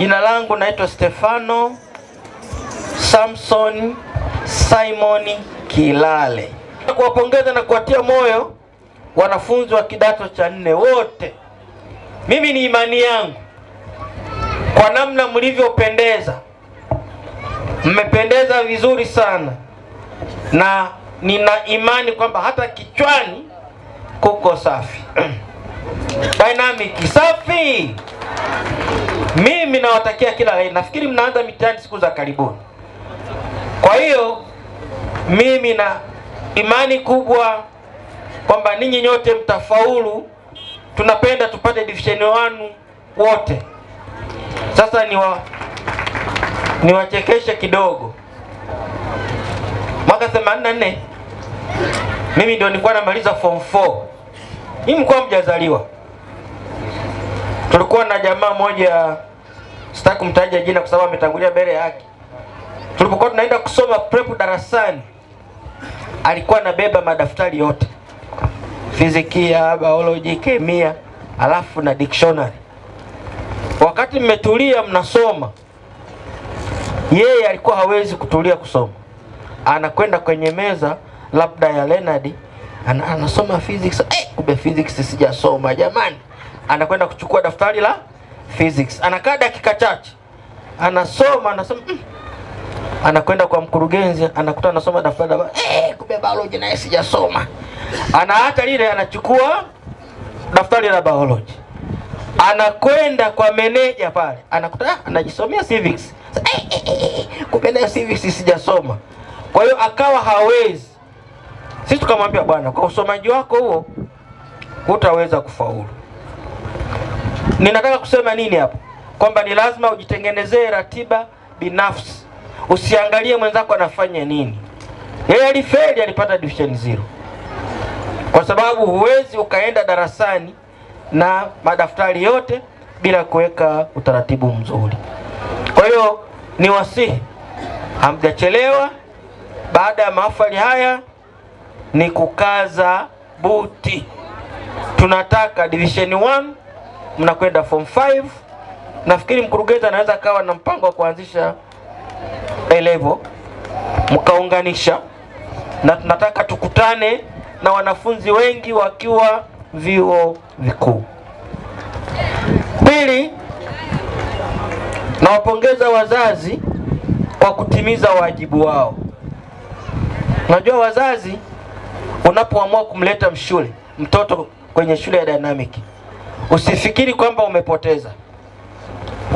Jina langu naitwa Stefano Samson Simon Kilale. Kuwapongeza na kuwatia moyo wanafunzi wa kidato cha nne wote. Mimi ni imani yangu kwa namna mlivyopendeza, mmependeza vizuri sana, na nina imani kwamba hata kichwani kuko safi. Dynamic safi. Mimi nawatakia kila la Nafikiri mnaanza mitihani siku za karibuni, kwa hiyo mimi na imani kubwa kwamba ninyi nyote mtafaulu. Tunapenda tupate division wanu wote. Sasa niwa niwachekeshe kidogo. Mwaka 84 mimi ndio nilikuwa namaliza form 4. Mimi mkoa mjazaliwa Tulikuwa na jamaa moja sitaki kumtaja jina kwa sababu ametangulia mbele yake. Tulipokuwa tunaenda kusoma prep darasani, alikuwa anabeba madaftari yote, fizikia, biology, kemia, alafu na dictionary. Wakati mmetulia mnasoma, yeye alikuwa hawezi kutulia kusoma, anakwenda kwenye meza labda ya Leonard, anasoma physics. Eh, kumbe physics sijasoma jamani anakwenda kuchukua daftari la physics, anakaa dakika chache, anasoma anasoma mm. Anakwenda kwa mkurugenzi, anakuta anasoma daftari la eh, kumbe biology naye sijasoma. Anaacha lile, anachukua daftari la biology, anakwenda kwa meneja pale, anakuta ah, anajisomea civics, eh eh, eh, eh, eh, kumbe naye civics sijasoma. Kwa hiyo akawa hawezi. Sisi tukamwambia bwana, kwa usomaji wako huo hutaweza kufaulu. Ninataka kusema nini hapo? Kwamba ni lazima ujitengenezee ratiba binafsi, usiangalie mwenzako anafanya nini. Yeye alifeli, alipata division zero, kwa sababu huwezi ukaenda darasani na madaftari yote bila kuweka utaratibu mzuri. Kwa hiyo ni wasihi, hamjachelewa. Baada ya mahafali haya ni kukaza buti, tunataka division 1 mnakwenda form 5. Nafikiri mkurugenzi anaweza akawa na mpango wa kuanzisha A level mkaunganisha, na tunataka tukutane na wanafunzi wengi wakiwa vyuo vikuu. Pili, nawapongeza wazazi kwa kutimiza wajibu wao. Unajua wazazi, unapoamua kumleta mshule mtoto kwenye shule ya dynamic Usifikiri kwamba umepoteza,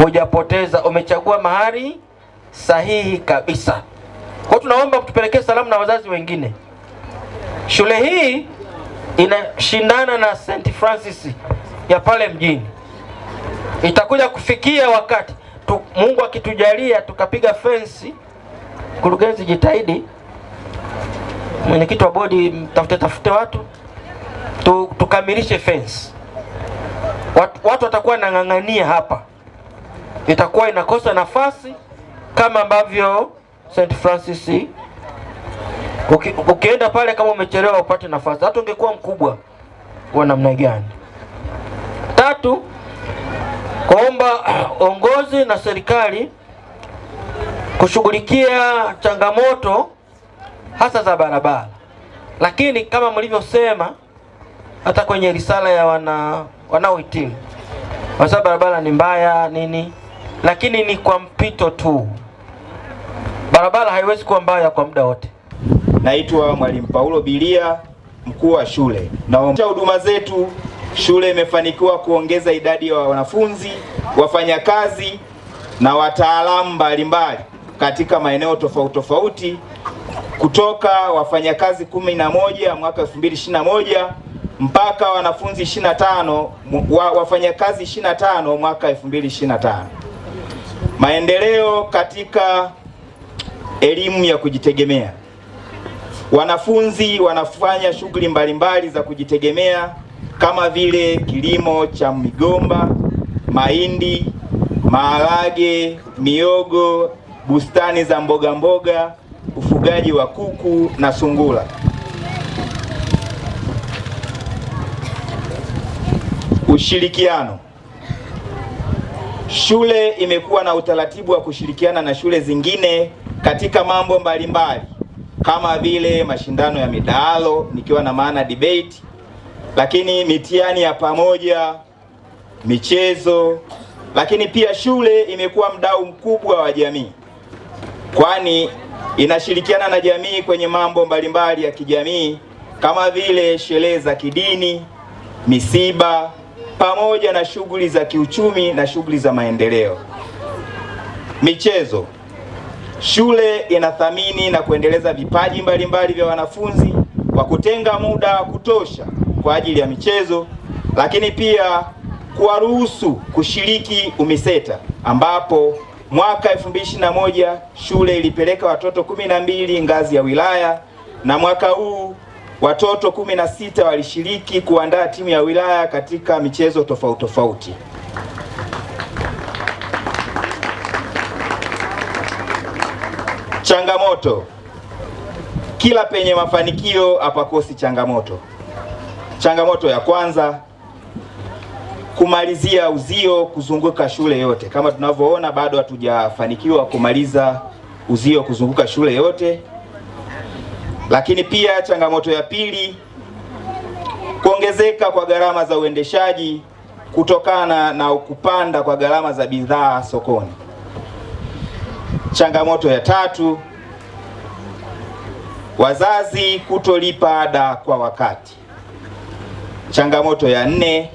hujapoteza, umechagua mahali sahihi kabisa. Kwa tunaomba mtupelekee salamu na wazazi wengine. Shule hii inashindana na St. Francis ya pale mjini. Itakuja kufikia wakati tu, Mungu akitujalia tukapiga fensi. Mkurugenzi, jitahidi, mwenyekiti wa bodi, mtafute tafute watu tu, tukamilishe fensi watu, watu watakuwa nang'ang'ania hapa, itakuwa inakosa nafasi kama ambavyo St Francis uki, ukienda pale kama umechelewa upate nafasi, hata ungekuwa mkubwa wa namna gani. Tatu, kuomba uongozi na serikali kushughulikia changamoto hasa za barabara, lakini kama mlivyosema hata kwenye risala ya wana wanaohitimu, kwa sababu barabara ni mbaya nini, lakini ni kwa mpito tu. Barabara haiwezi kuwa mbaya kwa muda wote. Naitwa Mwalimu Paulo Bilia, mkuu wa shule na huduma zetu. Shule imefanikiwa kuongeza idadi ya wanafunzi, wafanyakazi na wataalamu mbalimbali katika maeneo tofauti tofauti kutoka wafanyakazi kumi na moja mwaka 2021 mpaka wanafunzi 25 wa, wafanyakazi 25 mwaka 2025. Maendeleo katika elimu ya kujitegemea. Wanafunzi wanafanya shughuli mbalimbali za kujitegemea kama vile kilimo cha migomba, mahindi, maharage, miogo, bustani za mboga mboga, ufugaji wa kuku na sungura. Ushirikiano. Shule imekuwa na utaratibu wa kushirikiana na shule zingine katika mambo mbalimbali kama vile mashindano ya midahalo, nikiwa na maana debate, lakini mitihani ya pamoja, michezo, lakini pia shule imekuwa mdau mkubwa wa jamii, kwani inashirikiana na jamii kwenye mambo mbalimbali ya kijamii kama vile sherehe za kidini, misiba pamoja na shughuli za kiuchumi na shughuli za maendeleo. Michezo, shule inathamini na kuendeleza vipaji mbalimbali vya wanafunzi kwa kutenga muda wa kutosha kwa ajili ya michezo, lakini pia kuwaruhusu kushiriki UMISETA ambapo mwaka 2021 shule ilipeleka watoto kumi na mbili ngazi ya wilaya na mwaka huu Watoto kumi na sita walishiriki kuandaa timu ya wilaya katika michezo tofauti tofauti. Changamoto: kila penye mafanikio hapakosi changamoto. Changamoto ya kwanza kumalizia uzio kuzunguka shule yote. Kama tunavyoona, bado hatujafanikiwa kumaliza uzio kuzunguka shule yote. Lakini pia changamoto ya pili, kuongezeka kwa gharama za uendeshaji kutokana na kupanda kwa gharama za bidhaa sokoni. Changamoto ya tatu, wazazi kutolipa ada kwa wakati. Changamoto ya nne,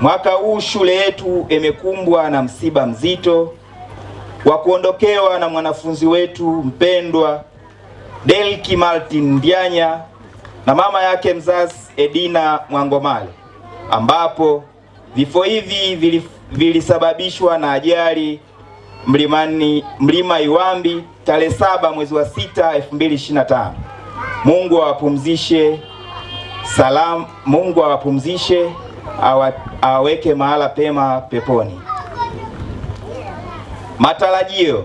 mwaka huu shule yetu imekumbwa na msiba mzito wa kuondokewa na mwanafunzi wetu mpendwa Delki Martin Ndianya na mama yake mzazi Edina Mwangomale, ambapo vifo hivi vilisababishwa na ajali mlimani mlima Iwambi tarehe saba mwezi wa sita elfu mbili ishirini na tano. Mungu awapumzishe salamu, Mungu awapumzishe, aweke mahala pema peponi. Matarajio,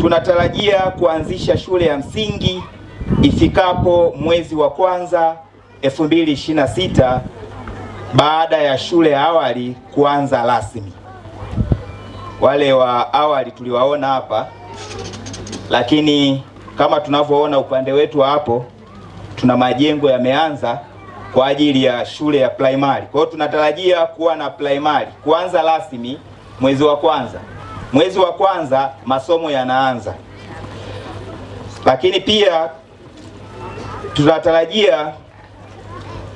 tunatarajia kuanzisha shule ya msingi ifikapo mwezi wa kwanza 2026 baada ya shule ya awali kuanza rasmi. Wale wa awali tuliwaona hapa, lakini kama tunavyoona upande wetu hapo, tuna majengo yameanza kwa ajili ya shule ya primary. Kwa hiyo tunatarajia kuwa na primary kuanza rasmi mwezi wa kwanza. Mwezi wa kwanza masomo yanaanza, lakini pia tunatarajia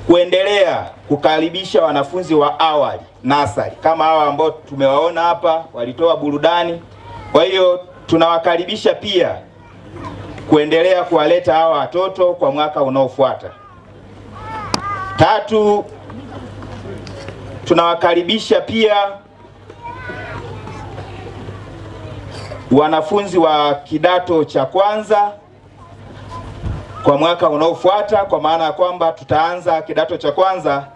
kuendelea kukaribisha wanafunzi wa awali nasari, kama hawa ambao tumewaona hapa walitoa burudani. Kwa hiyo tunawakaribisha pia kuendelea kuwaleta hawa watoto kwa mwaka unaofuata. Tatu, tunawakaribisha pia wanafunzi wa kidato cha kwanza kwa mwaka unaofuata, kwa maana ya kwamba tutaanza kidato cha kwanza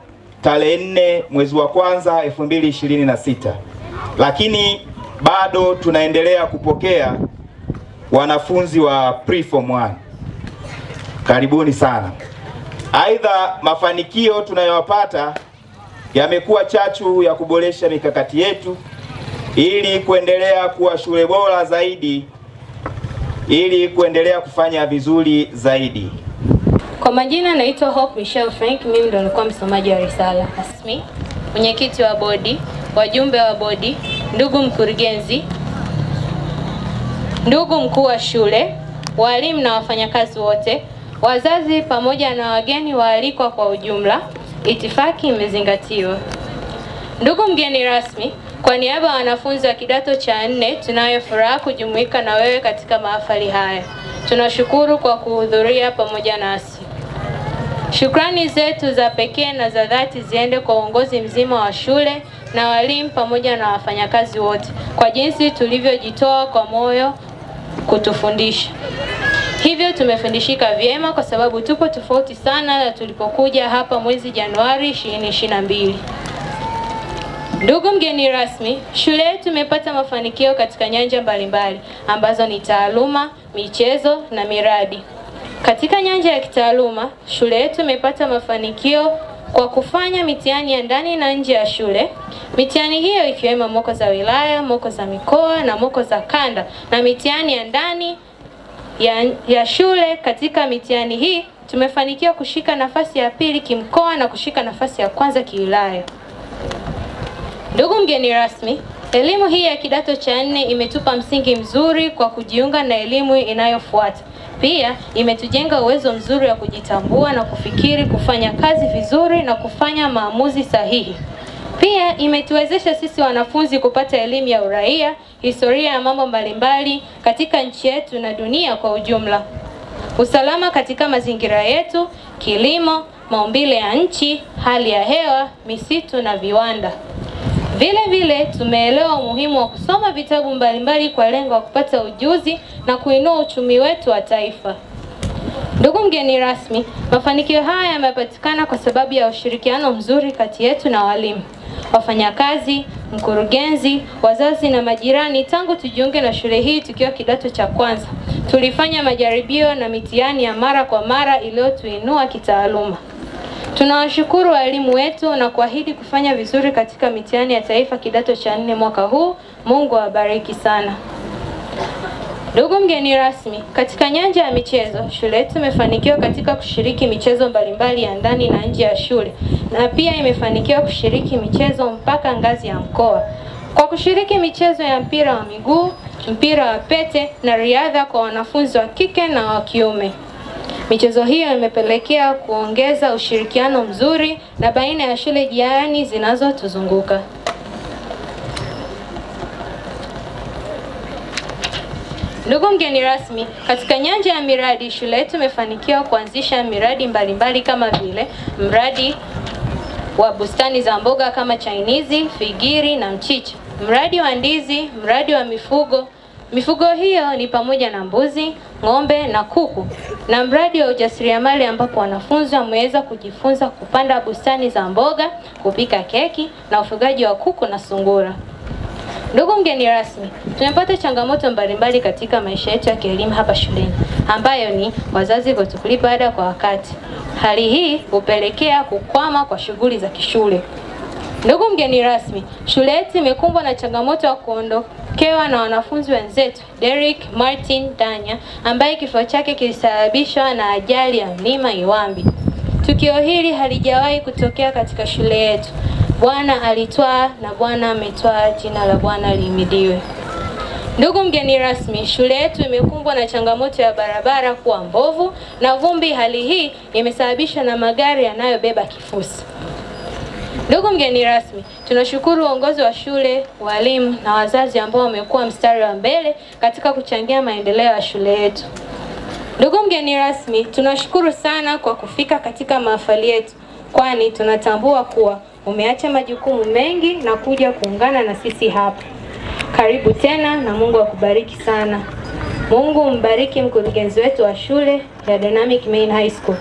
tarehe nne mwezi wa kwanza sita lakini bado tunaendelea kupokea wanafunzi wa form 1. Karibuni sana. Aidha, mafanikio tunayopata yamekuwa chachu ya kuboresha mikakati yetu ili kuendelea kuwa shule bora zaidi ili kuendelea kufanya vizuri zaidi. Kwa majina naitwa Hope Michelle Frank, mimi ndo nilikuwa msomaji wa risala rasmi, mwenyekiti wa bodi, wajumbe wa bodi, ndugu mkurugenzi, ndugu mkuu wa shule, walimu na wafanyakazi wote wazazi pamoja na wageni waalikwa kwa ujumla, itifaki imezingatiwa. Ndugu mgeni rasmi, kwa niaba ya wanafunzi wa kidato cha nne, tunayo furaha kujumuika na wewe katika mahafali haya. Tunashukuru kwa kuhudhuria pamoja nasi. Shukrani zetu za pekee na za dhati ziende kwa uongozi mzima wa shule na walimu pamoja na wafanyakazi wote kwa jinsi tulivyojitoa kwa moyo kutufundisha. Hivyo tumefundishika vyema kwa sababu tupo tofauti sana na tulipokuja hapa mwezi Januari 2022. Ndugu mgeni rasmi, shule yetu imepata mafanikio katika nyanja mbalimbali ambazo ni taaluma, michezo na miradi. Katika nyanja ya kitaaluma, shule yetu imepata mafanikio kwa kufanya mitihani ya ndani na nje ya shule. Mitihani hiyo ikiwemo moko za wilaya, moko za mikoa na moko za kanda na mitihani ya ndani ya, ya shule katika mitihani hii tumefanikiwa kushika nafasi ya pili kimkoa na kushika nafasi ya kwanza kiwilaya. Ndugu mgeni rasmi, elimu hii ya kidato cha nne imetupa msingi mzuri kwa kujiunga na elimu inayofuata. Pia imetujenga uwezo mzuri wa kujitambua na kufikiri, kufanya kazi vizuri na kufanya maamuzi sahihi. Pia imetuwezesha sisi wanafunzi kupata elimu ya uraia, historia ya mambo mbalimbali katika nchi yetu na dunia kwa ujumla, usalama katika mazingira yetu, kilimo, maumbile ya nchi, hali ya hewa, misitu na viwanda. Vile vile tumeelewa umuhimu wa kusoma vitabu mbalimbali kwa lengo la kupata ujuzi na kuinua uchumi wetu wa taifa. Ndugu mgeni rasmi, mafanikio haya yamepatikana kwa sababu ya ushirikiano mzuri kati yetu na walimu, wafanyakazi, mkurugenzi, wazazi na majirani. Tangu tujiunge na shule hii tukiwa kidato cha kwanza, tulifanya majaribio na mitihani ya mara kwa mara iliyotuinua kitaaluma. Tunawashukuru walimu wetu na kuahidi kufanya vizuri katika mitihani ya taifa kidato cha nne mwaka huu. Mungu awabariki sana. Ndugu mgeni rasmi, katika nyanja ya michezo, shule yetu imefanikiwa katika kushiriki michezo mbalimbali ya ndani na nje ya shule na pia imefanikiwa kushiriki michezo mpaka ngazi ya mkoa kwa kushiriki michezo ya mpira wa miguu, mpira wa pete na riadha kwa wanafunzi wa kike na wa kiume. Michezo hiyo imepelekea kuongeza ushirikiano mzuri na baina ya shule jirani zinazotuzunguka. Ndugu mgeni rasmi, katika nyanja ya miradi, shule yetu imefanikiwa kuanzisha miradi mbalimbali mbali kama vile mradi wa bustani za mboga kama chainizi, figiri na mchicha, mradi wa ndizi, mradi wa mifugo mifugo hiyo ni pamoja na mbuzi, ng'ombe na kuku, na mradi wa ujasiriamali ambapo wanafunzi wameweza kujifunza kupanda bustani za mboga, kupika keki na ufugaji wa kuku na sungura. Ndugu mgeni rasmi, tumepata changamoto mbalimbali katika maisha yetu ya kielimu hapa shuleni, ambayo ni wazazi kutokulipa ada kwa wakati. Hali hii hupelekea kukwama kwa shughuli za kishule. Ndugu mgeni rasmi, shule yetu imekumbwa na changamoto ya kuondokewa na wanafunzi wenzetu Derek, Martin Danya ambaye kifo chake kilisababishwa na ajali ya mlima Iwambi. Tukio hili halijawahi kutokea katika shule yetu. Bwana alitwaa na Bwana ametwaa, jina la Bwana lihimidiwe. Ndugu mgeni rasmi, shule yetu imekumbwa na changamoto ya barabara kuwa mbovu na vumbi. Hali hii imesababishwa na magari yanayobeba kifusi. Ndugu mgeni rasmi, tunashukuru uongozi wa shule, walimu na wazazi ambao wamekuwa mstari wa mbele katika kuchangia maendeleo ya shule yetu. Ndugu mgeni rasmi, tunashukuru sana kwa kufika katika mahafali yetu, kwani tunatambua kuwa Umeacha majukumu mengi na kuja kuungana na sisi hapa. Karibu tena na Mungu akubariki sana. Mungu mbariki mkurugenzi wetu wa shule ya Dynamic Main High School.